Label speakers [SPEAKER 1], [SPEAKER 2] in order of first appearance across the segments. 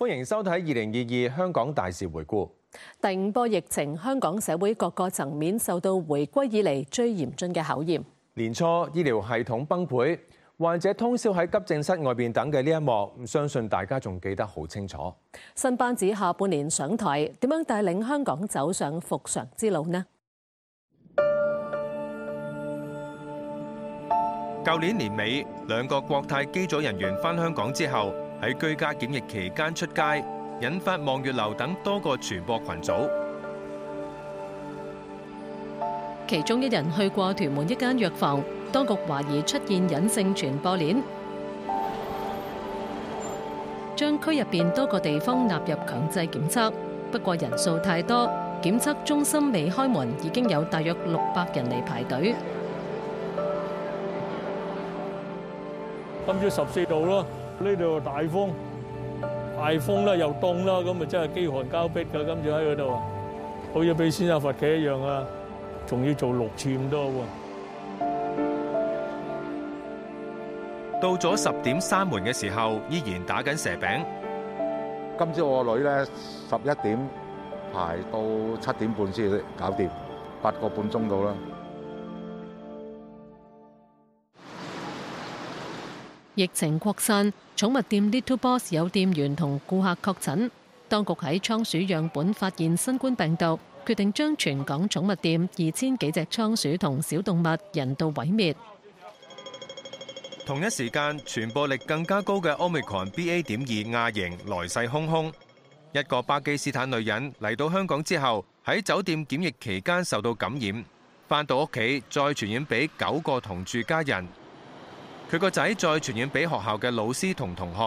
[SPEAKER 1] 歡迎收睇《二零二二香港大事回顧》。
[SPEAKER 2] 第五波疫情，香港社會各個層面受到回歸以嚟最嚴峻嘅考驗。
[SPEAKER 1] 年初醫療系統崩潰，患者通宵喺急症室外邊等嘅呢一幕，相信大家仲記得好清楚。
[SPEAKER 2] 新班子下半年上台，點樣帶領香港走上復常之路呢？
[SPEAKER 1] 舊年年尾，兩個國泰機組人員返香港之後，喺居家檢疫期間出街，引發望月樓等多個傳播群組。
[SPEAKER 2] 其中一人去過屯門一間藥房，當局懷疑出現隱性傳播鏈，將區入邊多個地方納入強制檢測。不過人數太多，檢測中心未開門，已經有大約六百人嚟排隊。
[SPEAKER 3] 今朝
[SPEAKER 4] 十四度咯。呢度大風，大風啦又凍啦，咁咪真係饑寒交迫噶，跟住喺嗰度，
[SPEAKER 1] 好似俾千手佛企一樣啊！仲要做六次咁多喎。到咗十點閂門嘅時候，依然打緊蛇餅。今朝我個女咧，
[SPEAKER 3] 十一點排到七點半先搞掂，八個半鐘到啦。
[SPEAKER 2] 疫情擴散，寵物店 Little Boss 有店員同顧客確診，當局喺倉鼠樣本發現新冠病毒，決定將全港寵物店二千幾隻倉鼠同小動物人道毀滅。
[SPEAKER 1] 同一時間，傳播力更加高嘅 OmicronBA. 點二亞型來勢洶洶。一個巴基斯坦女人嚟到香港之後，喺酒店檢疫期間受到感染，返到屋企再傳染俾九個同住家人。佢個仔再傳染俾學校嘅老師同同學，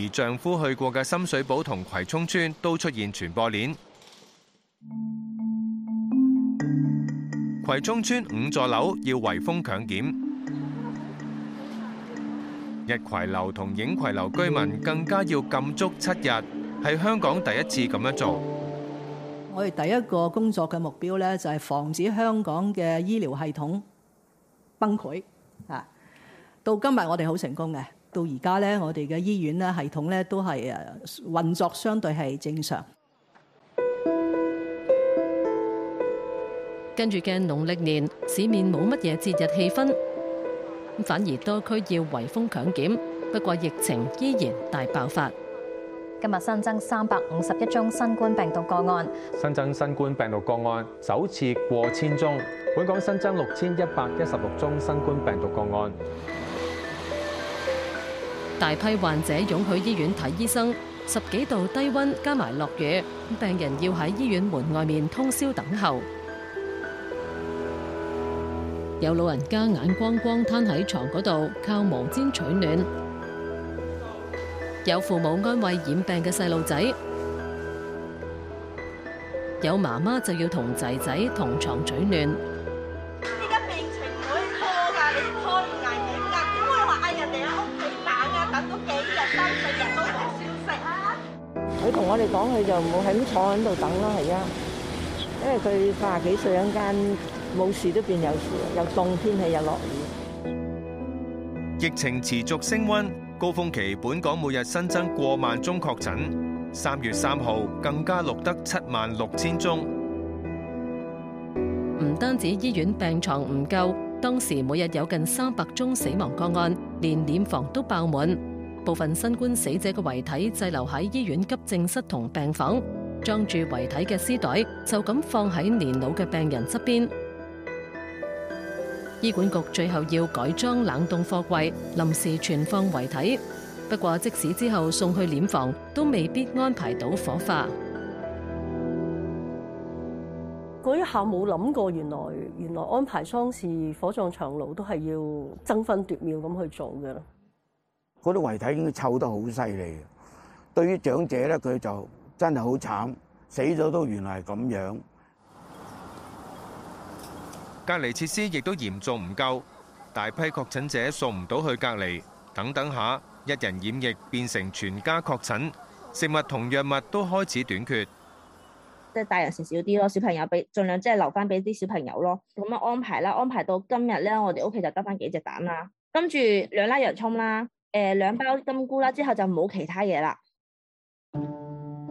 [SPEAKER 1] 而丈夫去過嘅深水埗同葵涌邨都出現傳播鏈。葵涌邨五座樓要圍封強檢，逸葵樓同映葵樓居民更加要禁足七日，係香港第一次咁樣做。
[SPEAKER 4] 我哋第一個工作嘅目標呢，就係防止香港嘅醫療系統崩潰。到今日我的到，我哋好成功嘅。到而家咧，我哋嘅醫院咧系統咧都係誒運作，相對係正常。跟住嘅農曆年，
[SPEAKER 2] 市面冇乜嘢節日氣氛，反而多區要圍風強檢不過疫情依然大爆發。今日新增三百五十一宗新冠病毒個案，
[SPEAKER 1] 新增新冠病毒個案首次過千宗。本港新增六千一百一十六宗新冠病毒個案。
[SPEAKER 2] 大批患者湧去醫院睇醫生，十幾度低溫加埋落雨，病人要喺醫院門外面通宵等候。有老人家眼光光攤喺床嗰度靠毛氈取暖，有父母安慰染病嘅細路仔，有媽媽就要同仔仔同床取暖。
[SPEAKER 4] 我哋講佢就唔好喺咁坐喺度等咯，係啊，因為佢八十幾歲，陣間冇事都變有事，又凍天氣又落
[SPEAKER 1] 雨。疫情持續升温，高峰期本港每日新增過萬宗確診，三月三號更加錄得七萬六千宗。
[SPEAKER 2] 唔單止醫院病床唔夠，當時每日有近三百宗死亡個案，連殮房都爆滿。部分新冠死者嘅遺體滯留喺醫院急症室同病房，裝住遺體嘅屍袋就咁放喺年老嘅病人側邊。醫管局最後要改裝冷凍貨櫃，臨時存放遺體。不過即使之後送去殮房，都未必安排到火化。
[SPEAKER 4] 嗰一下冇諗過，原來原來安排喪事、火葬場路都係要爭分奪秒咁去做嘅啦。
[SPEAKER 3] 嗰啲遺體已經臭得好犀利，對於長者咧，佢就真係好慘，死咗都原來係咁樣。
[SPEAKER 1] 隔離設施亦都嚴重唔夠，大批確診者送唔到去隔離，等等下一人染疫變成全家確診，食物同藥物都開始短缺。
[SPEAKER 4] 即係大人食少啲咯，小朋友俾儘量即係留翻俾啲小朋友咯。咁樣安排啦，安排到今日咧，我哋屋企就得翻幾隻蛋啦，跟住兩粒洋葱啦。誒，兩包金菇啦，之後就冇其他嘢啦。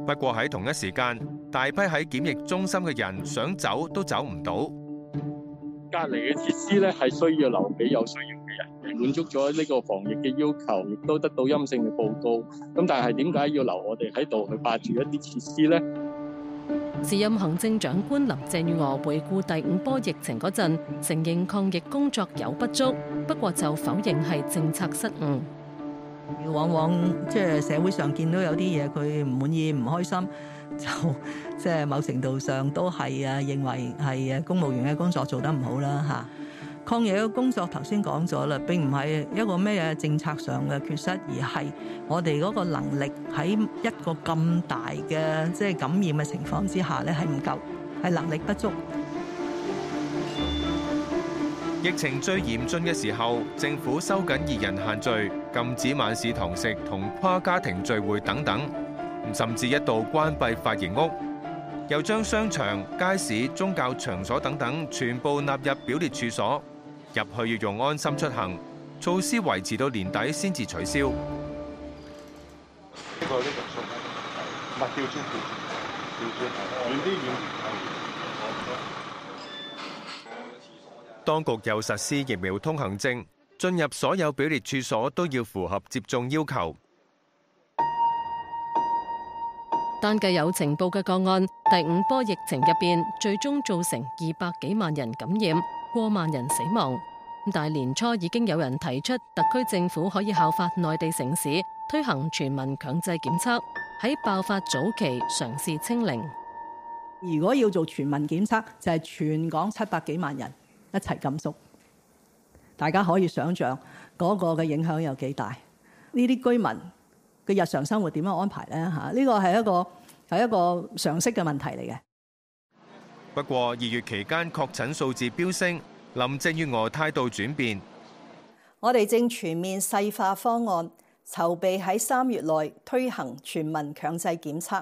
[SPEAKER 1] 不過喺同一時間，大批喺檢疫中心嘅人想走都走唔到。隔籬嘅設施咧係需要留俾有需要嘅人，滿足咗呢個防疫嘅要求，亦都得到陰性嘅報告。咁但係點解要留我哋喺度去霸住一啲設施呢？
[SPEAKER 2] 時任行政長官林鄭月娥回顧第五波疫情嗰陣，承認抗疫工作有不足，不過就否認係政策失誤。
[SPEAKER 4] 往往即係社會上見到有啲嘢佢唔滿意唔開心，就即係某程度上都係啊，認為係係公務員嘅工作做得唔好啦吓、啊。抗疫嘅工作頭先講咗啦，並唔係一個咩嘢政策上嘅缺失，而係我哋嗰個能力喺一個咁大嘅即係感染嘅情況之下咧，係唔夠，係能力不足。
[SPEAKER 1] 疫情最嚴峻嘅時候，政府收緊二人限聚，禁止晚市堂食同跨家庭聚會等等，甚至一度關閉髮型屋，又將商場、街市、宗教場所等等全部納入表列處所，入去要用安心出行措施維持到年底先至取消。呢個呢個。當局又實施疫苗通行證，進入所有表列處所都要符合接種要求。
[SPEAKER 2] 單計有情報嘅個案，第五波疫情入邊最終造成二百幾萬人感染，過萬人死亡。咁但年初已經有人提出，特區政府可以效法內地城市推行全民強制檢測，喺爆發早期嘗試
[SPEAKER 4] 清零。如果要做全民檢測，就係全港七百幾萬人。一齊緊縮，大家可以想像嗰個嘅影響有幾大？呢啲居民嘅日常生活點樣安排咧？嚇，呢個係一個係一個常識嘅問題嚟嘅。
[SPEAKER 1] 不過二月期間確診數字飆升，林鄭月娥態度轉變。
[SPEAKER 4] 我哋正全面細化方案，籌備喺三月內推行全民強制檢測。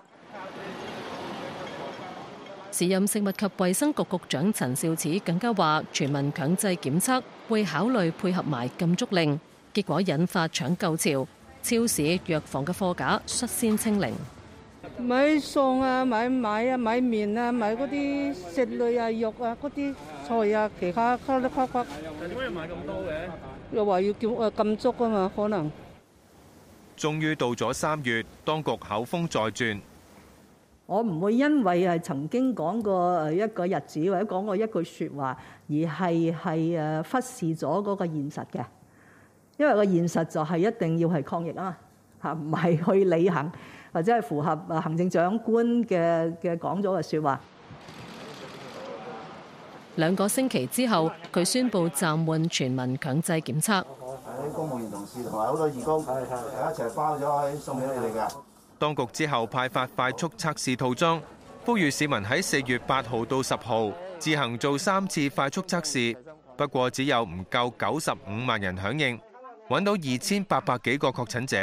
[SPEAKER 2] 時任食物及衛生局局長陳肇始更加話，全民強制檢測會考慮配合埋禁足令，結果引發搶購潮，超市、藥房嘅貨架率先清零。
[SPEAKER 4] 買餸啊，買米啊，買麵啊，買嗰啲食類啊、肉啊嗰啲菜啊，其他...又話要叫禁足啊嘛，可能。
[SPEAKER 1] 終於到咗三月，當局口風再轉。
[SPEAKER 4] 我唔會因為係曾經講過誒，一個日子或者講過一句説話，而係係誒忽視咗嗰個現實嘅，因為個現實就係一定要係抗疫啊嘛嚇，唔係去履行或者係符合行政長官嘅嘅講咗嘅説話。兩個星期之後，
[SPEAKER 1] 佢
[SPEAKER 2] 宣布暫緩全民強制檢測。喺公
[SPEAKER 1] 務員同事同埋好多義工一齊包咗係送俾你哋嘅。當局之後派發快速測試套裝，呼籲市民喺四月八號到十號自行做三次快速測試。不過只有唔夠九十五萬人響應，揾到二千八百幾個確診者，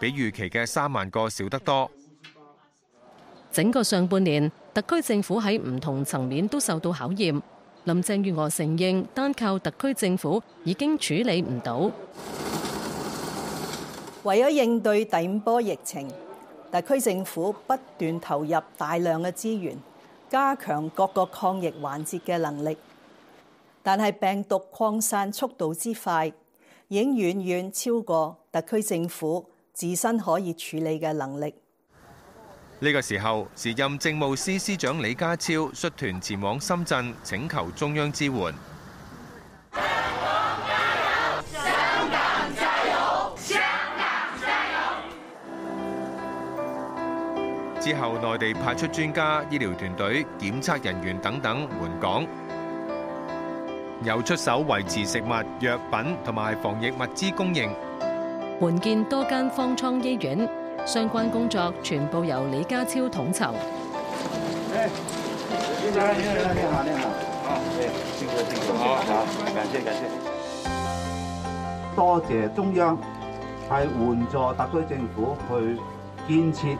[SPEAKER 1] 比預期嘅三萬個少得多。整個
[SPEAKER 2] 上半年，特區政府喺唔同層面都受到考驗。林鄭月娥承
[SPEAKER 4] 認，單靠特區政府已經處理唔到，為咗應對第五波疫情，特區政府不斷投入大量嘅資源，加強各個抗疫環節嘅能力，但係病毒擴散速度之快，已經遠遠超過特區政府自身可以處理嘅能力。
[SPEAKER 1] 呢個時候，時任政務司司長李家超率團前往深圳，請求中央支援。之後，內地派出專家、醫療團隊、檢測人員等等援港，又出手維持食物、藥品同埋防疫物資供應，
[SPEAKER 2] 援建多間方艙醫院，相關工作全部由李家超統籌。誒，
[SPEAKER 3] 李家你好，你好，好好，感謝，感謝。多謝中央係援助特區政府去建設。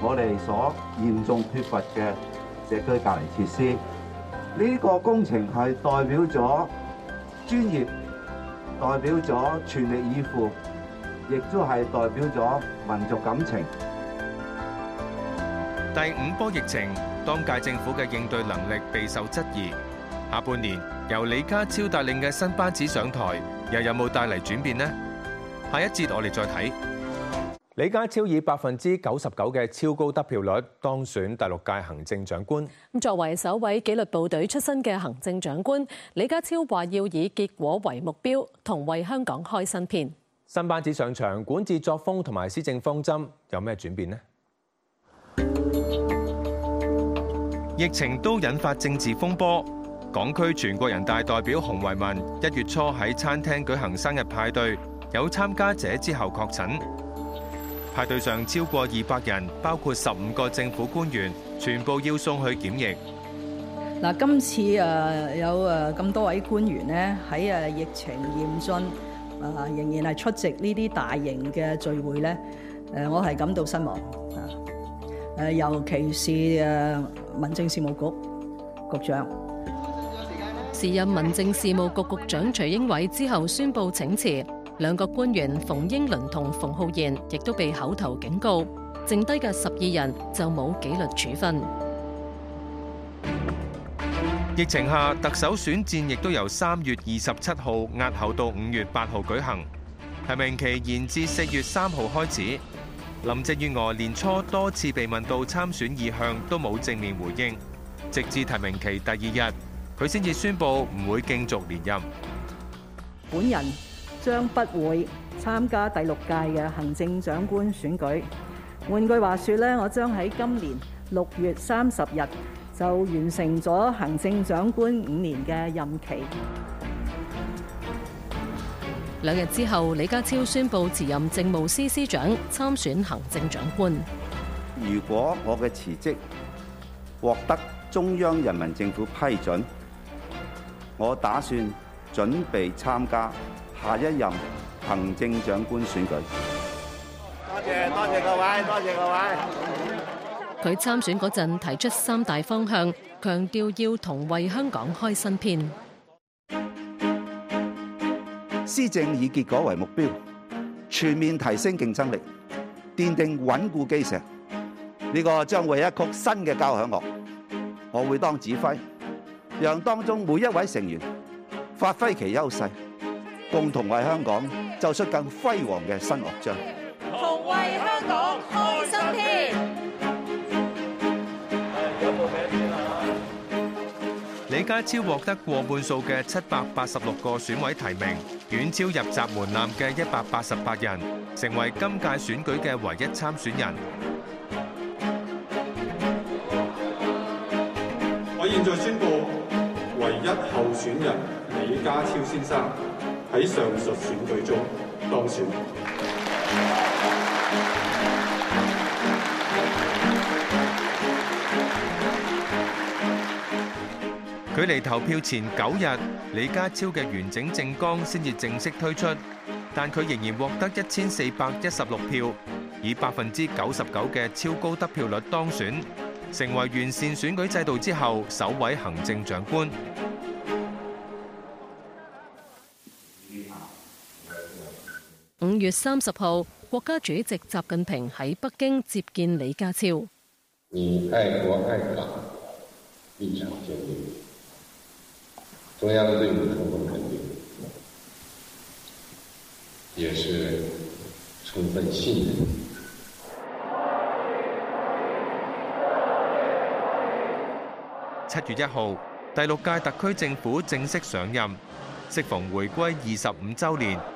[SPEAKER 3] 我哋所嚴重缺乏嘅社區隔離設施，呢個工程係代表咗專業，代表咗全力以赴，亦都係代表咗民族感情。
[SPEAKER 1] 第五波疫情，當屆政府嘅應對能力備受質疑。下半年由李家超帶領嘅新班子上台，又有冇帶嚟轉變呢？下一節我哋再睇。李家超以百分之九十九嘅超高得票率當選第六屆行政長官。
[SPEAKER 2] 咁作為首位紀律部隊出身嘅行政長官，李家超話要以結果為目標，同為香港開新篇。
[SPEAKER 1] 新班子上場，管治作風同埋施政方針有咩轉變呢？疫情都引發政治風波，港區全國人大代表洪為民一月初喺餐廳舉行生日派對，有參加者之後確診。派對上超過二百人，包括十五個政府官員，全部要送去檢疫。
[SPEAKER 4] 嗱，今次誒有誒咁多位官員咧，喺誒疫情嚴峻，誒仍然係出席呢啲大型嘅聚會咧，誒我係感到失望啊！誒，尤其是誒民政事務局局長，時任民
[SPEAKER 2] 政事務局局長徐英偉之後宣布請辭。兩個官員馮英倫同馮浩然亦都被口頭警告，剩低嘅十二人就冇紀律處分。
[SPEAKER 1] 疫情下特首選戰亦都由三月二十七號押後到五月八號舉行，提名期延至四月三號開始。林鄭月娥年初多次被問到參選意向，都冇正面回應，直至提名期第二日，佢先至宣布唔會競逐連任。
[SPEAKER 4] 本人。將不會參加第六屆嘅行政長官選舉。換句話說咧，我將喺今年六月三十日就完成咗行政長官五年嘅任期。兩日之後，李家超宣布辭任政
[SPEAKER 2] 務司司長，參選行政長官。
[SPEAKER 3] 如果我嘅辭職獲得中央人民政府批准，我打算準備參加。下一任行政長官選舉，多謝多謝各位，多謝各位。
[SPEAKER 2] 佢參選嗰陣提出三大方向，強調要同為香港開新篇。
[SPEAKER 3] 施政以結果為目標，全面提升競爭力，奠定穩固基石。呢個將會一曲新嘅交響樂，我會當指揮，讓當中每一位成員發揮其優勢，共同為香港奏出更輝煌嘅新樂
[SPEAKER 1] 章，
[SPEAKER 4] 同為香港開心添。
[SPEAKER 1] 李家超獲得過半數嘅七百八十六個選委提名，遠超入閘門檻嘅一百八十八人，成為今屆選舉嘅唯一參選人。我現在宣布，唯一候選人李家超先生，喺上述選舉中當選，距離投票前九日，李家超嘅完整政綱先至正式推出，但佢仍然獲得一千四百一十六票，以百分之九十九嘅超高得票率當選，成為完善選舉制度之後首位行政長官。
[SPEAKER 2] 五月三十號，國家主席習近平喺北京接見李家超。
[SPEAKER 3] 你愛國愛黨，立場堅定，中央對你充分肯定，也是
[SPEAKER 2] 充分信任。
[SPEAKER 1] 七月一號，第六屆特區政府正式上任，適逢回歸二十五週年。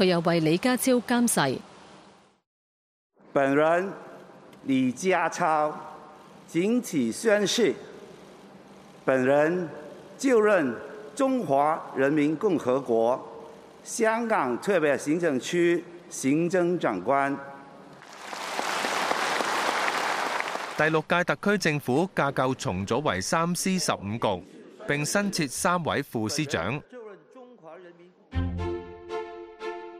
[SPEAKER 2] 佢又為李家超監誓。
[SPEAKER 3] 本人李家超，謹此宣誓。本人就任中華人民共和國香港特別行政區行政長官。
[SPEAKER 1] 第六屆特區政府架構重組為三司十五局，並新設三位副司長。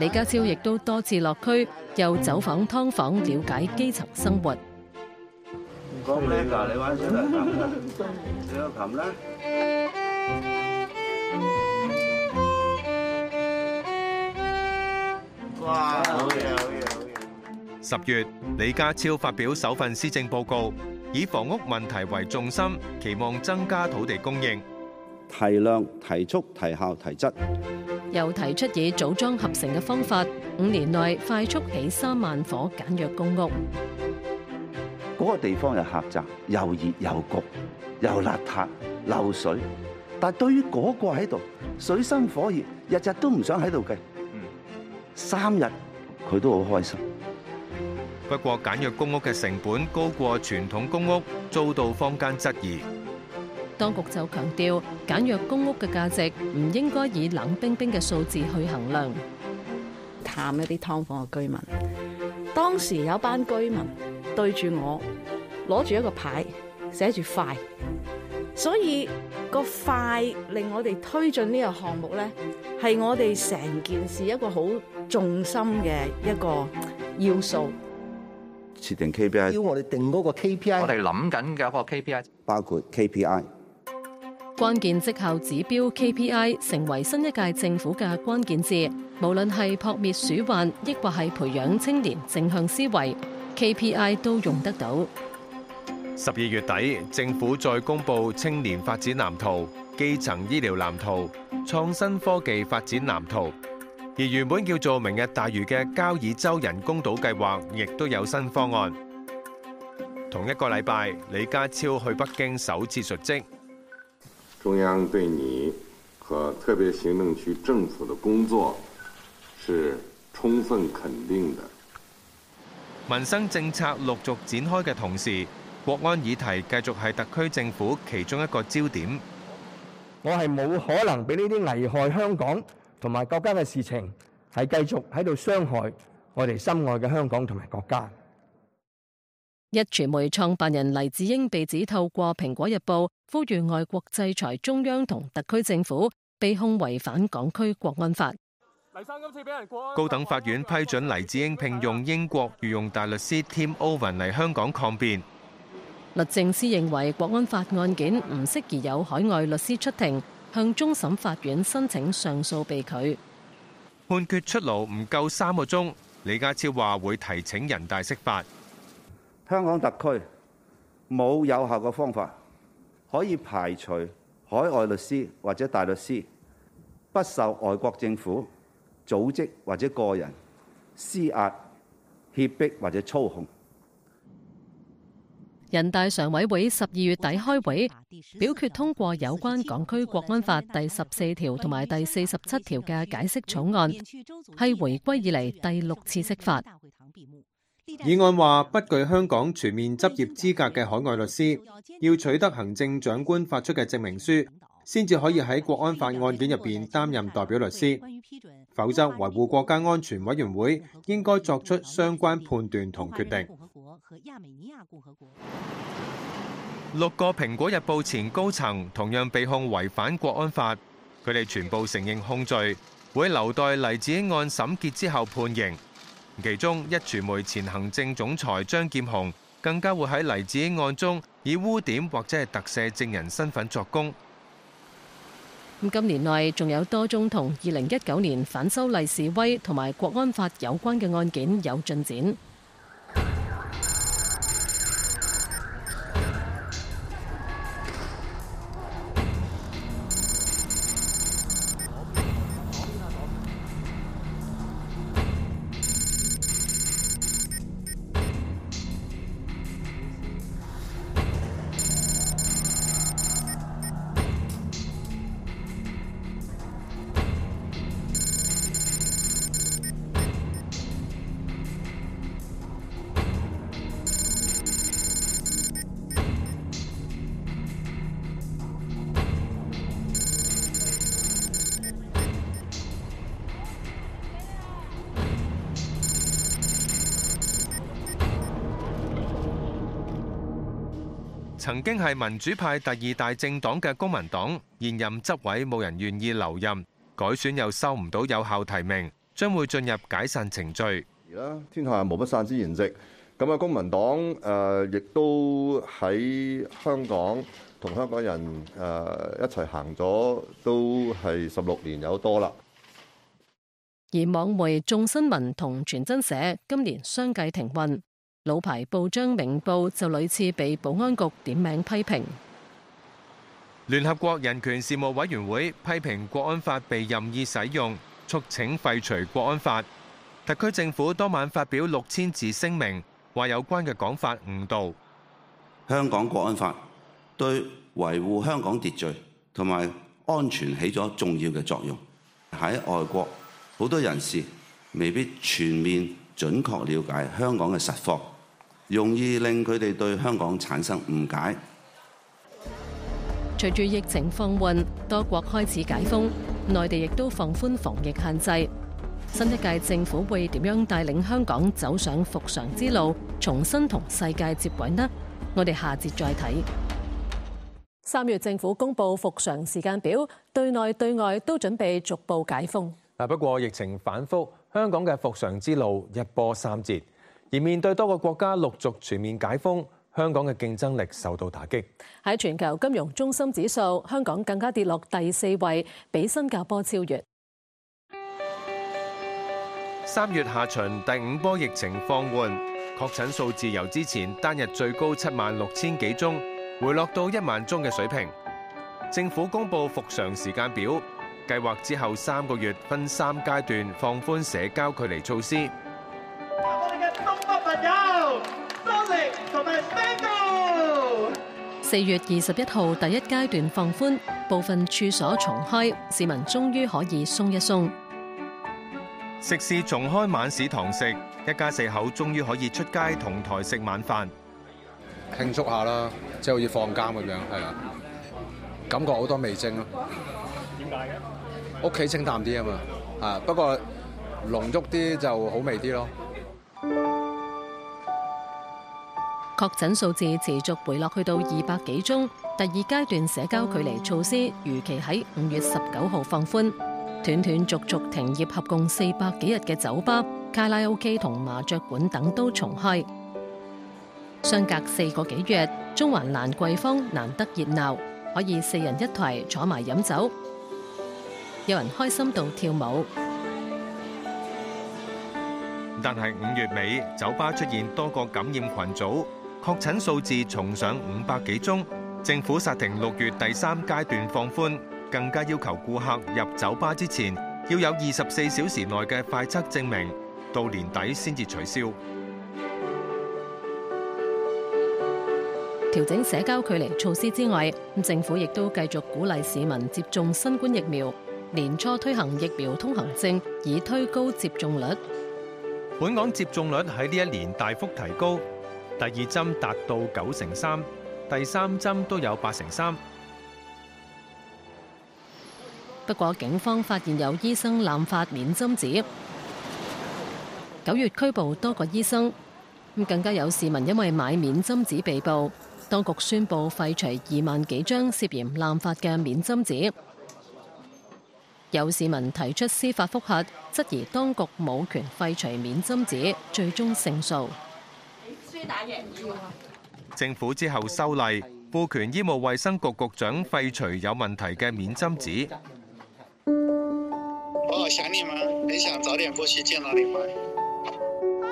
[SPEAKER 2] 李家超亦都多次落區，又走訪劏房了解基層生活。
[SPEAKER 3] 講咩噶？你玩
[SPEAKER 1] 轉嚟咁啦？得啦，冚啦！哇！好嘢，好嘢，好嘢！十月，李家超發表首份施政報告，以房屋問題為重心，期望增加土地供應。提量、
[SPEAKER 3] 提速、提效、提質，
[SPEAKER 2] 又提出以組裝合成嘅方法，五年內快速起三萬伙簡約公屋。
[SPEAKER 3] 嗰個地方又狹窄，又熱又焗，又邋遢、漏水，但對於嗰個喺度，水深火熱，日日都唔想喺度計。嗯，三日
[SPEAKER 1] 佢都好開心。不過簡約公屋嘅成本高過傳統公屋，遭到坊間質疑。
[SPEAKER 2] 當局就強調，簡約公屋嘅價值唔應該以冷冰冰嘅數字去衡量，探一啲㓥房
[SPEAKER 4] 嘅居民。當時有班居民對住我攞住一個牌寫，寫住快，所以個快令我哋推進呢個項目咧，係我哋成件事一個好重心嘅一個要素。
[SPEAKER 3] 設定 KPI，要我哋定嗰個 KPI，我哋諗緊嘅一個 KPI，包括 KPI。
[SPEAKER 2] 關鍵績效指標 KPI 成為新一屆政府嘅關鍵字，無論係撲滅鼠患，抑或係培養青年正向思維，KPI 都用得到。
[SPEAKER 1] 十二月底，政府再公布青年發展藍圖、基層醫療藍圖、創新科技發展藍圖，而原本叫做明日大嶼嘅交椅洲人工島計劃，亦都有新方案。同一個禮拜，李家超去北京首次述職。中央對你和特別行政區政府的工作是充分肯定的。民生政策陸續展開嘅同時，國安議題繼續係特區政府其中一個焦點。我係冇可能俾呢啲危害香港同埋國家嘅事情係繼續喺度傷害我哋心愛嘅香港同埋國家。
[SPEAKER 2] 一傳媒創辦人黎智英被指透過《蘋果日報》呼籲外國制裁中央同特區政府，被控違反港區國安法。
[SPEAKER 1] 黎生今次俾人，高等法院批准黎智英聘用英國御用大律師 Tim Owen 嚟香港抗辯。
[SPEAKER 2] 律政司認為國安法案件唔適宜有海外律師出庭，向終審法院申請上訴被拒。
[SPEAKER 1] 判決出爐唔夠三個鐘，李家超話會提請人大釋法。
[SPEAKER 3] 香港特區冇有，有效嘅方法可以排除海外律師或者大律師不受外國政府組織或者個人施壓，脅迫或者操控。
[SPEAKER 2] 人大常委會十二月底開會，表決通過有關港區國安法第十四條同埋第四十七條嘅解釋草案，係回歸以嚟第六次釋法。
[SPEAKER 1] 議案話，不具香港全面執業資格嘅海外律師，要取得行政長官發出嘅證明書，先至可以喺國安法案件入邊擔任代表律師，否則維護國家安全委員會應該作出相關判斷同決定。六個蘋果日報前高層同樣被控違反國安法，佢哋全部承認控罪，會留待黎智英案審結之後判刑。其中，壹傳媒前行政總裁張劍虹更加會喺黎智英案中以污點或者係特赦證人身份作供。
[SPEAKER 3] 咁
[SPEAKER 2] 今年內仲有多宗同二零一九年反修例示威同埋國安法有關嘅案件有進展。
[SPEAKER 1] 經係民主派第二大政黨嘅公民黨，現任執委冇人願意留任，改選又收唔到有效提名，將會進入解散程序。而
[SPEAKER 3] 啦，天下無不散之筵席，咁啊！公民黨誒，亦都喺香港同香港人誒一齊行咗，都係十六年有多啦。
[SPEAKER 2] 而網媒眾新聞同傳真社今年相繼停運。老牌報章明報就屢次被保安局點名批評。
[SPEAKER 1] 聯合國人權事務委員會批評國安法被任意使用，促請廢除國安法。特區政府當晚發表六千字聲明，話有關嘅講法誤導。香港國安法
[SPEAKER 3] 對維護香港秩序同埋安全起咗重要嘅作用。喺外國，好多人士未必全面準確了解香港嘅實況。容易令佢哋對香港產生誤解。
[SPEAKER 2] 隨住疫情放緩，多國開始解封，內地亦都放寬防疫限制。新一屆政府會點樣帶領香港走上復常之路，重新同世界接軌呢？我哋下節再睇。三月政府公布復常時間表，對內對外都準備逐步解封。
[SPEAKER 1] 啊，不過疫情反覆，香港嘅復常之路一波三折。而面對多個國家陸續全面解封，香港嘅競爭力受到打擊。
[SPEAKER 2] 喺全球金融中心指數，香港更加跌落第四位，比新加坡超越。
[SPEAKER 1] 三月下旬第五波疫情放緩，確診數字由之前單日最高七萬六千幾宗，回落到一萬宗嘅水平。政府公布復常時間表，計劃之後三個月分三階段放寬社交距離措施。 朋友，多力同埋冰豆。
[SPEAKER 2] 四月二十一號，第一階段放寬，部分處所重開，市民終於可以鬆一鬆。
[SPEAKER 1] 食肆重開晚市堂食，一家四口終於可以出街同台食晚飯，慶祝下啦，即係好似放監咁樣。係啊，感覺好多味精咯。點解嘅？屋企清淡啲啊嘛。啊，不過濃郁啲就好味啲咯。
[SPEAKER 2] 確診數字持續回落去到二百幾宗，第二階段社交距離措施如期喺五月十九號放寬。斷斷續續停業合共四百幾日嘅酒吧、卡拉 OK 同麻雀館等都重開。相隔四個幾月，中環蘭桂坊難得熱鬧，可以四人一枱，坐埋飲酒，有人開心到跳舞。
[SPEAKER 1] 但係五月尾，酒吧出現多個感染群組。確診數字重上五百幾宗，政府剎停六月第三階段放寬，更加要求顧客入酒吧之前要有二十四小時內嘅快測證明，到年底先至取消。
[SPEAKER 2] 調整社交距離措施之外，咁政府亦都繼續鼓勵市民接種新冠疫苗。年初推行疫苗通行證，以推高接種率。
[SPEAKER 1] 本港接種率喺呢一年大幅提高。第二針達到九成三，第三針都有八成三。
[SPEAKER 2] 不過警方發現有醫生濫發免針紙，九月拘捕多個醫生，咁更加有市民因為買免針紙被捕。當局宣布廢除二萬幾張涉嫌濫發嘅免針紙，有市民提出司法覆核，質疑當局冇權廢除免針紙，最終勝訴。
[SPEAKER 1] 啊、政府之後修例，賦權醫務衛生局局長廢除有問題嘅免針紙。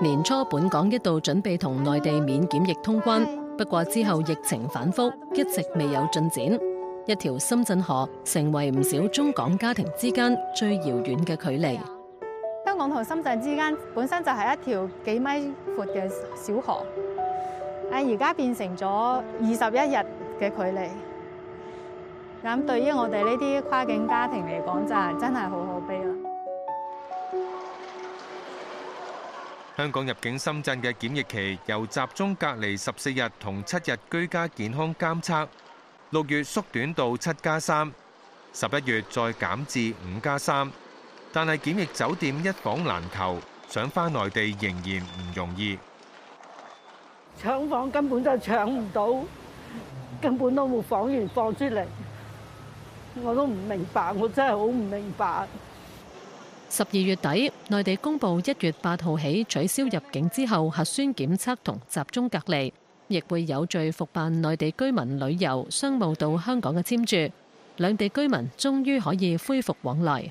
[SPEAKER 2] 年初本港一度準備同內地免檢疫通關，不過之後疫情反覆，一直未有進展。一條深圳河，成為唔少中港家庭之間最遙遠嘅距離。
[SPEAKER 4] 香港同深圳之間本身就係一條幾米闊嘅小河，而家變成咗二十一日嘅距離。咁對於我哋呢啲跨境家庭嚟講，就係真係好可悲啦。
[SPEAKER 1] 香港入境深圳嘅檢疫期由集中隔離十四日同七日居家健康監測，六月縮短到七加三，十一月再減至五加三。但係，檢疫酒店一房難求，想返內地仍然唔容易。
[SPEAKER 4] 搶房根本都搶唔到，根本都冇房源放出嚟，我都唔明白，我真係好唔明白。
[SPEAKER 2] 十二月底，內地公布一月八號起取消入境之後核酸檢測同集中隔離，亦會有序復辦內地居民旅遊、商務到香港嘅簽注。兩地居民終於可以恢復往來。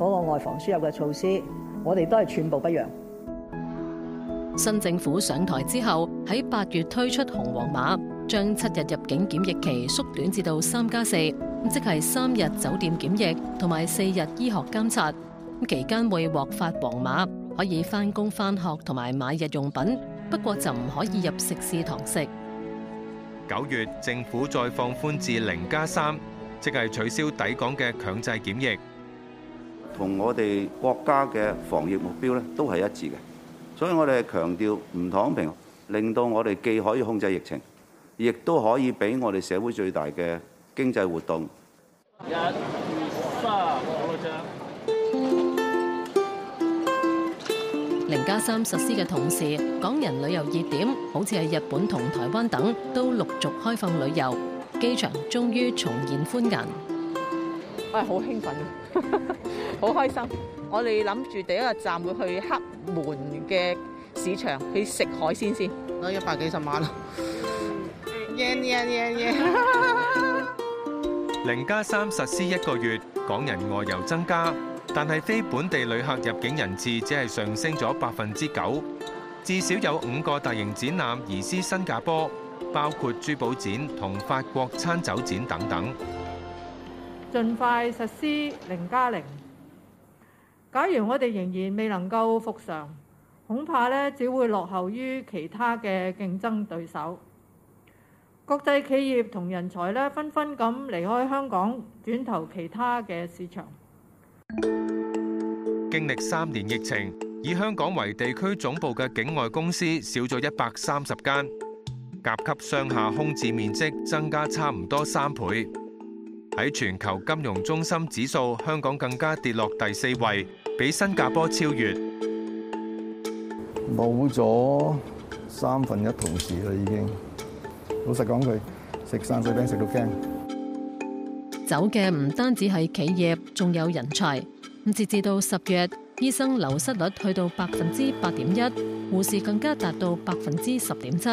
[SPEAKER 4] 嗰個外防輸入嘅措施，我哋都係寸步不讓。
[SPEAKER 2] 新政府上台之後，喺八月推出紅黃碼，將七日入境檢疫期縮短至到三加四，4，即係三日酒店檢疫同埋四日醫學監察。期間會獲發黃碼，可以返工返學同埋買日用品，不過就唔可以入食肆堂食。
[SPEAKER 1] 九月政府再放寬至零加三，3，即係取消抵港嘅強制檢疫。
[SPEAKER 3] 同我哋國家嘅防疫目標咧都係一致嘅，所以我哋係強調唔躺平，令到我哋既可以控制疫情，亦都可以俾我哋社會最大嘅經濟活動。一、二、三，
[SPEAKER 2] 零加三實施嘅同時，港人旅遊熱點好似係日本同台灣等都陸續開放旅遊，機場終於重現歡顏。
[SPEAKER 4] 啊！好興奮，好開心。我哋諗住第一個站會去黑門嘅市場去食海鮮先。攞一百幾十萬啦，
[SPEAKER 1] 贏贏贏贏！零加三實施一個月，港人外遊增加，但係非本地旅客入境人次只係上升咗百分之九。至少有五個大型展覽移師新加坡，包括珠寶展同法國餐酒展等等。
[SPEAKER 4] 盡快實施零加零。假如我哋仍然未能夠復常，恐怕呢只會落後於其他嘅競爭對手。國際企業同人才呢，紛紛咁離開香港，轉投其他嘅市場。
[SPEAKER 1] 經歷三年疫情，以香港為地區總部嘅境外公司少咗一百三十間，甲級商廈空置面積增加差唔多三倍。喺全球金融中心指數，香港更加跌落第四位，比新加坡超越。
[SPEAKER 3] 冇咗三分一同事啦，已經。老實講，佢食散水餅食到驚。
[SPEAKER 2] 走嘅唔單止係企業，仲有人才。咁截至到十月，醫生流失率去到百分之八點一，護士更加達到百分之十點七。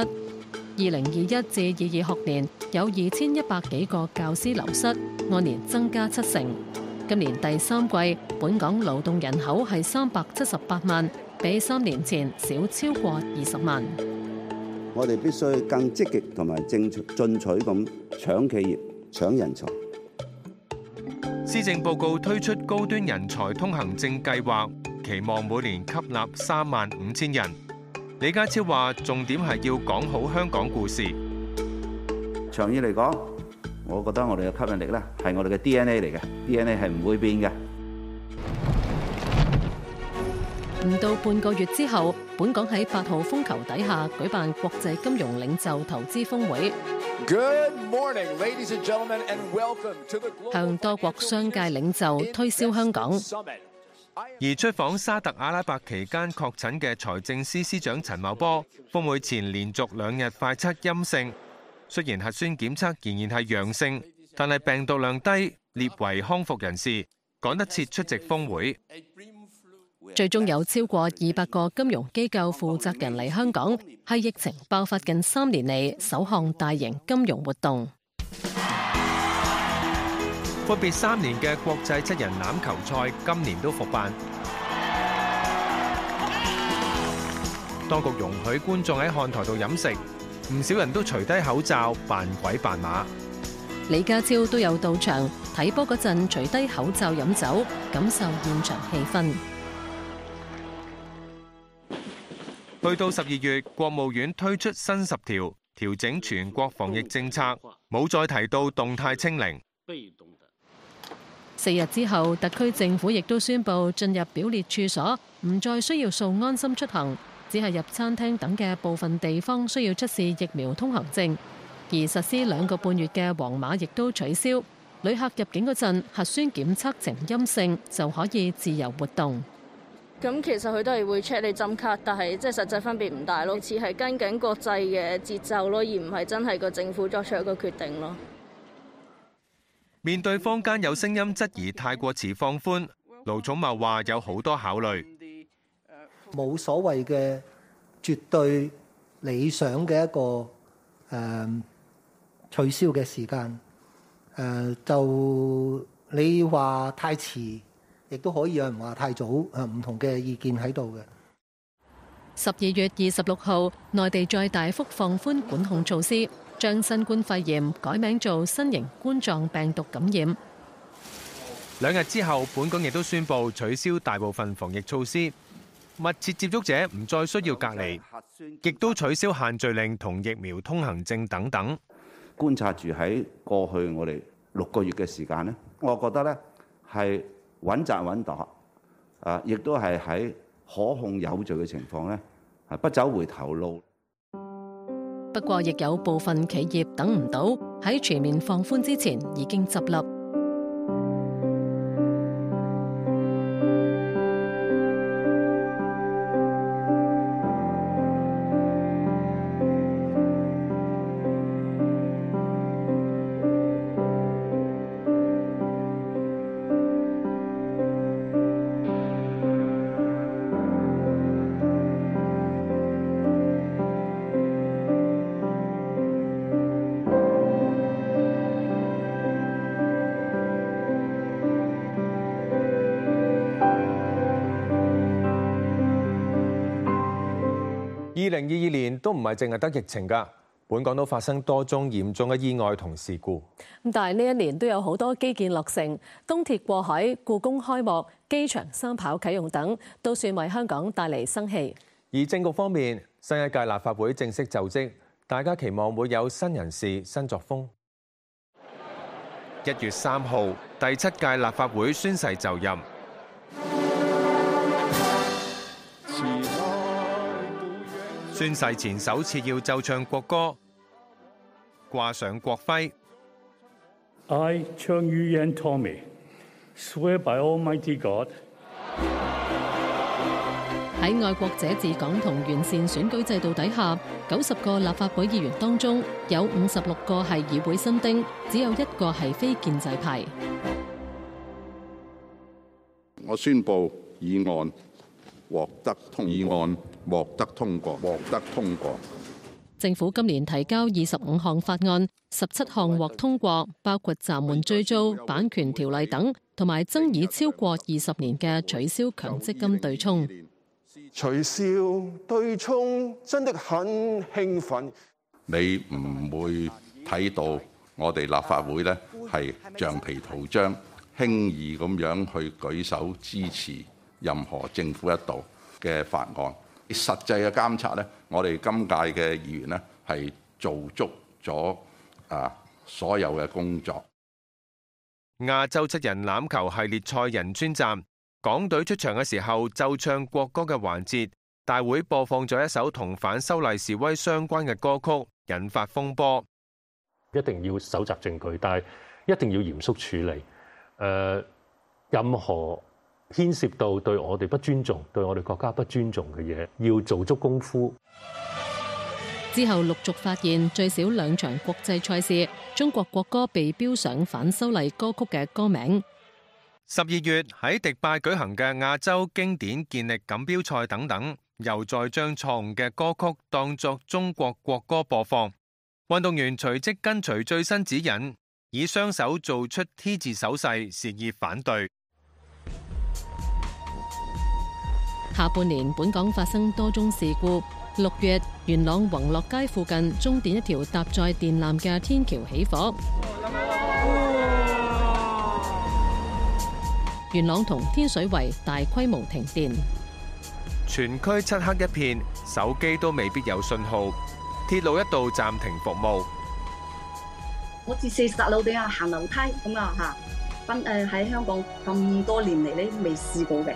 [SPEAKER 2] 二零二一至二二學年有二千一百幾個教師流失，按年增加七成。今年第三季，本港勞動人口係三百七十八萬，比三年前少超過二十萬。
[SPEAKER 3] 我哋必須更積極同埋正進取咁搶企業、搶人才。
[SPEAKER 1] 施政報告推出高端人才通行證計劃，期望每年吸納三萬五千人。李家超話：重點係要講好香港故事。
[SPEAKER 3] 長遠嚟講，我覺得我哋嘅吸引力咧，係我哋嘅 DNA 嚟嘅，DNA 係唔會變嘅。
[SPEAKER 2] 唔到半個月之後，本港喺八號風球底下舉辦國際金融領袖投資峰會
[SPEAKER 4] ，Good morning, ladies and gentlemen, and welcome to the
[SPEAKER 2] 向多國商界領袖推銷香港。
[SPEAKER 1] 而出訪沙特阿拉伯期間確診嘅財政司司長陳茂波，峰會前連續兩日快測陰性，雖然核酸檢測仍然係陽性，但係病毒量低，列為康復人士，趕得切出席峰會。
[SPEAKER 2] 最終有超過二百個金融機構負責人嚟香港，係疫情爆發近三年嚟首項大型金融活動。
[SPEAKER 1] 闊別三年嘅國際七人欖球賽今年都復辦，當局容許觀眾喺看台度飲食，唔少人都除低口罩扮鬼扮馬。
[SPEAKER 2] 李家超都有到場睇波嗰陣，除低口罩飲酒，感受現場氣氛。
[SPEAKER 1] 去到十二月，國務院推出新十條，調整全國防疫政策，冇再提到動態清零。
[SPEAKER 2] 四日之後，特區政府亦都宣佈進入表列處所，唔再需要掃安心出行，只係入餐廳等嘅部分地方需要出示疫苗通行證。而實施兩個半月嘅黃碼亦都取消，旅客入境嗰陣核酸檢測呈陰性就可以自由活動。
[SPEAKER 4] 咁其實佢都係會 check 你針卡，但係即係實際分別唔大咯，似係跟緊國際嘅節奏咯，而唔係真係個政府作出一個決定咯。
[SPEAKER 1] 面對坊間有聲音質疑太過遲放寬，盧寵茂話有好多考慮，
[SPEAKER 3] 冇所謂嘅絕對理想嘅一個誒、嗯、取消嘅時間，誒就你話太遲，亦都可以有人話太早，誒唔同嘅意見喺度嘅。
[SPEAKER 2] 十二月二十六號，內地再大幅放寬管控措施。將新冠肺炎改名做新型冠狀病毒感染。
[SPEAKER 1] 兩日之後，本港亦都宣布取消大部分防疫措施，密切接觸者唔再需要隔離，亦都取消限聚令同疫苗通行證等等。觀察住喺過去我哋六個月嘅時間呢，
[SPEAKER 3] 我覺得呢係穩紮穩打啊，亦都係喺可控有序嘅情況呢，係不走回頭路。
[SPEAKER 2] 不過，亦有部分企業等唔到，喺全面放寬之前，已經執笠。
[SPEAKER 1] 二二年都唔係淨係得疫情㗎，本港都發生多宗嚴重嘅意外同事故。
[SPEAKER 2] 咁但係呢一年都有好多基建落成，東鐵過海、故宮開幕、機場三跑啟用等，都算為香港帶嚟生氣。
[SPEAKER 1] 而政局方面，新一屆立法會正式就職，大家期望會有新人士、新作風。一月三號，第七屆立法會宣誓就任。宣誓前首次要奏唱國歌，掛上國徽。I, Cheung Yu-yan, Tommy, swear by Almighty God.
[SPEAKER 2] 喺愛國者治港同完善選舉制度底下，九十個立法會議員當中有五十六個係議會新丁，只有一個係非建制派。
[SPEAKER 3] 我宣布議案獲得通過。獲得通過，獲得通過。
[SPEAKER 2] 政府今年提交二十五項法案，十七項獲通過，包括暫緩追租、版權條例等，同埋爭議超過二十年嘅取消強積金對沖。
[SPEAKER 3] 取
[SPEAKER 1] 消對沖真的很興奮。
[SPEAKER 3] 你唔會睇到我哋立法會呢，係橡皮圖章輕易咁樣去舉手支持任何政府一度嘅法案。實際嘅監察呢，我哋今屆嘅議員呢，係做足咗啊所有嘅工作。
[SPEAKER 1] 亞洲七人欖球系列賽仁川站，港隊出場嘅時候奏唱國歌嘅環節，大會播放咗一首同反修例示威相關嘅歌曲，引發風波。一定要搜集證據，但係一定要嚴肅處理。誒、呃，任何。牽涉到對我哋不尊重、對我哋國家不尊重嘅嘢，要做足功夫。
[SPEAKER 2] 之後陸續發現，最少兩場國際賽事，中國國歌被標上反修例歌曲嘅歌名。
[SPEAKER 1] 十二月喺迪拜舉行嘅亞洲經典健力錦標賽等等，又再將錯誤嘅歌曲當作中國國歌播放。運動員隨即跟隨最新指引，以雙手做出 T 字手勢，示意反對。下
[SPEAKER 2] 半年本港發生多宗事故。六月元朗宏樂街附近中電一條搭載電纜嘅天橋起火，元朗同天水圍大規模停電，
[SPEAKER 1] 全區漆黑一片，手機都未必有信號，鐵路一度暫停服務。
[SPEAKER 4] 我住四十樓地啊，行樓梯咁啊吓，分誒喺香港咁多年嚟咧未試過嘅。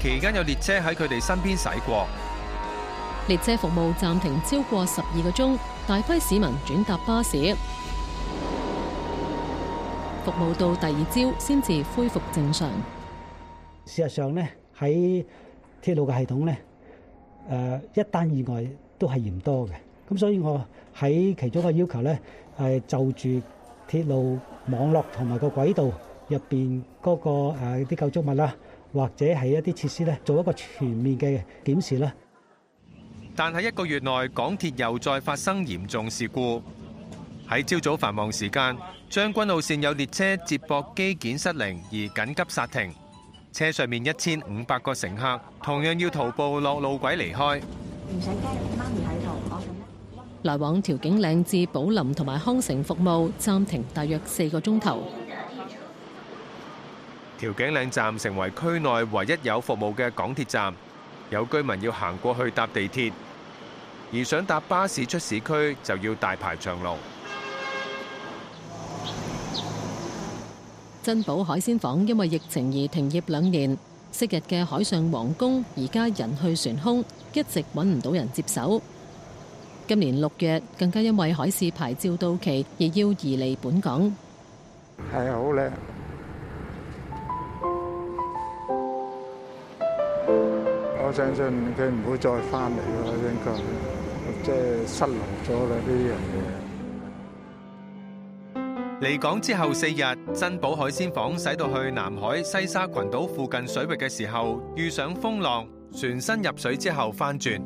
[SPEAKER 1] 期間有列車喺佢哋身邊駛過，
[SPEAKER 2] 列車服務暫停超過十二個鐘，大批市民轉搭巴士，服務到第二朝
[SPEAKER 3] 先至恢復正常。事實上咧，喺鐵路嘅系統咧，誒一單意外都係嫌多嘅。咁所以我喺其中嘅要求咧，係就住鐵路網絡同埋個軌道入邊嗰個誒啲構築物啦。或者係一啲設施呢，做一個全面嘅檢視啦。
[SPEAKER 1] 但係一個月內，港鐵又再發生嚴重事故。喺朝早繁忙時間，將軍澳線有列車接駁機件失靈而緊急煞停，車上面一千五百個乘客同樣要徒步落路軌離開。唔使驚，
[SPEAKER 2] 媽咪喺度，好。來往調景嶺至寶林同埋康城服務暫停大約四個鐘頭。
[SPEAKER 1] 調景嶺站成為區內唯一有服務嘅港鐵站，有居民要行過去搭地鐵，而想搭巴士出市區就要大排長龍。
[SPEAKER 2] 珍寶海鮮舫因為疫情而停業兩年，昔日嘅海上皇宮而家人去船空，一直揾唔到人接手。今年六月更加因為海事牌照到期，亦要移離本港。
[SPEAKER 3] 係好靚。我相信佢唔會再翻嚟咯，應該即係失落咗啦。呢樣
[SPEAKER 1] 嘢嚟港之後四日，珍寶海鮮舫駛到去南海西沙群島附近水域嘅時候，遇上風浪，船身入水之後翻轉。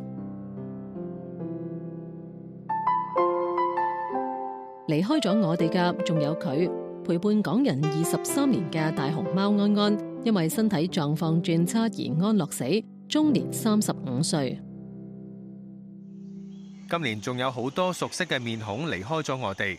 [SPEAKER 2] 離開咗我哋嘅，仲有佢陪伴港人二十三年嘅大熊貓安安，因為身體狀況轉差而安樂死。終年三十五歲，
[SPEAKER 1] 今年仲有好多熟悉嘅面孔離開咗我哋。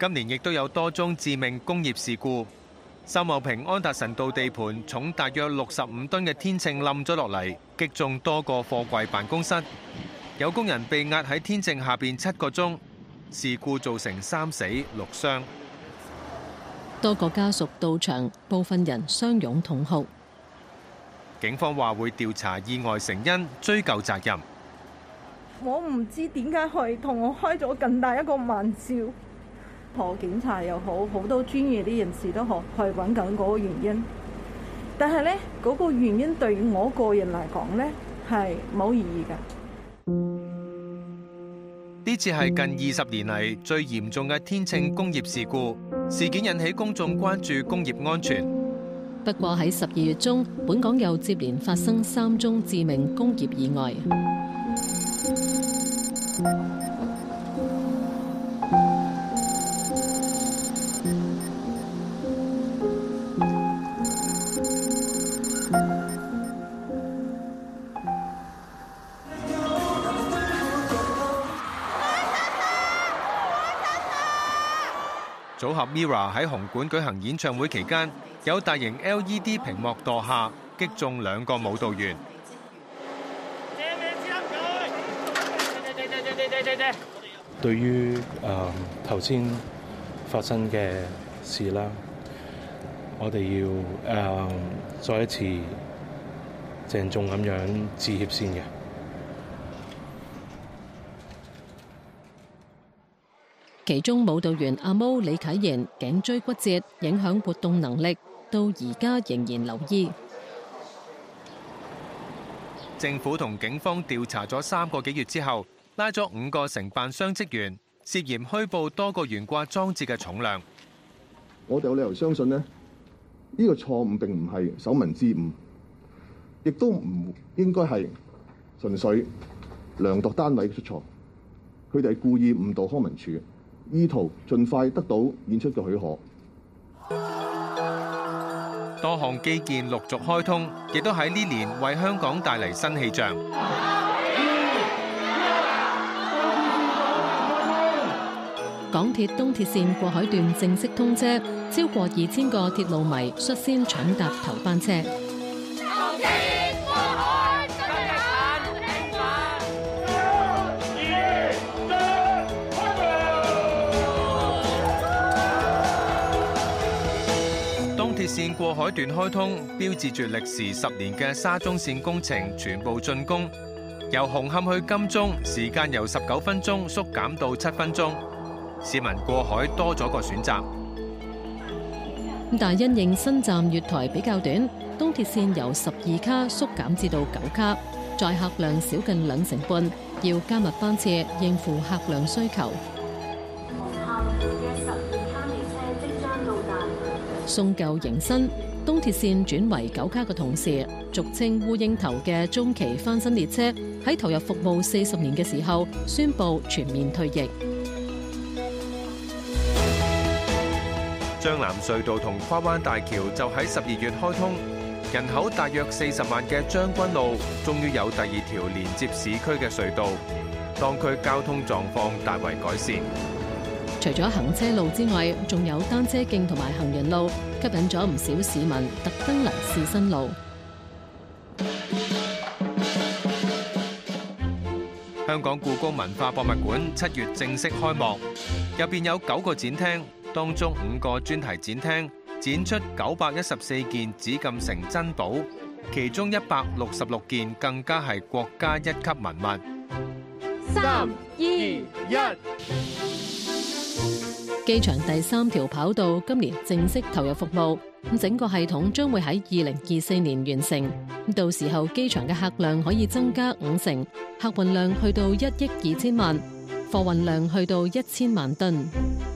[SPEAKER 1] 今年亦都有多宗致命工業事故，秀茂坪安達臣道地盤重大約六十五噸嘅天秤冧咗落嚟，擊中多個貨櫃辦公室，有工人被壓喺天秤下邊七個鐘，事故造成三死六傷，
[SPEAKER 2] 多個家屬到場，部分人相擁痛哭。
[SPEAKER 1] 警方話會調查意外成因，追究責任。
[SPEAKER 4] 我唔知點解佢同我開咗咁大一個玩笑。做檢查又好，好多專業啲人士都好去揾緊嗰個原因。但係呢，嗰、嗰個原因對我個人嚟講呢，係冇意義嘅。
[SPEAKER 1] 呢次係近二十年嚟最嚴重嘅天秤工業事故，事件引起公眾關注工業安全。
[SPEAKER 2] 不過喺十二月中，本港又接連發生三宗致命工業意外。
[SPEAKER 1] 及 MIRROR 喺紅館舉行演唱會期間，有大型 LED 屏幕墮下，擊中兩個舞蹈員。對於誒頭先發生嘅事啦，我哋要誒再一次鄭重咁樣致歉先嘅。
[SPEAKER 2] 其中舞蹈員阿毛李啟賢頸椎骨折，影響活動能力，到而家仍然留醫。
[SPEAKER 1] 政府同警方調查咗三個幾月之後，拉咗五個承辦商職員涉嫌虛報多個懸掛裝置嘅重量。我哋有理由相信咧，呢個錯誤並唔係手民之誤，亦都唔應該係純粹量度單位出錯，佢哋係故意誤導康文署嘅，意圖盡快得到演出嘅許可。多項基建陸續開通，亦都喺呢年為香港帶嚟新氣象。
[SPEAKER 2] 港鐵東鐵線過海段正式通車，超過二千個鐵路迷率先搶搭頭班車。
[SPEAKER 1] 綫過海段開通，標誌住歷時十年嘅沙中綫工程全部竣工。由紅磡去金鐘時間由十九分鐘縮減到七分鐘，市民過海多咗個選擇。咁
[SPEAKER 2] 但係因應新站月台比較短，東鐵綫由十二卡縮減至到九卡，載客量少近兩成半，要加密班次應付客量需求。送舊迎新，東鐵綫轉為九卡嘅同時，俗稱“烏蠅頭”嘅中期翻新列車喺投入服務四十年嘅時候，宣佈全面退役。
[SPEAKER 1] 將藍隧道同跨灣大橋就喺十二月開通，人口大約四十萬嘅將軍澳終於有第二條連接市區嘅隧道，當區交通狀況大為改善。
[SPEAKER 2] 除咗行車路之外，仲有單車徑同埋行人路，吸引咗唔少市民特登嚟試新路。
[SPEAKER 1] 香港故宮文化博物館七月正式開幕，入邊有九個展廳，當中五個專題展廳展出九百一十四件紫禁城珍寶，其中一百六十六件更加係國家一級文物。
[SPEAKER 2] 三二一。機場第三條跑道今年正式投入服務，咁整個系統將會喺二零二四年完成。到時候機場嘅客量可以增加五成，客運量去到一億二千萬，貨運量去到一千萬噸。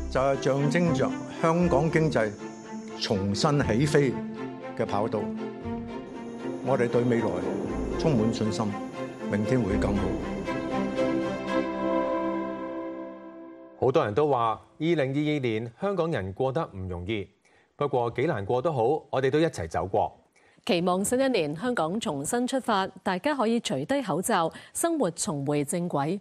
[SPEAKER 1] 就係象徵着香港經濟重新起飛嘅跑道，我哋對未來充滿信心，明天會更好。好多人都話，二零二二年香港人過得唔容易。不過幾難過都好，我哋都一齊走過。
[SPEAKER 2] 期望新一年香港重新出發，大家可以除低口罩，生活重回正軌。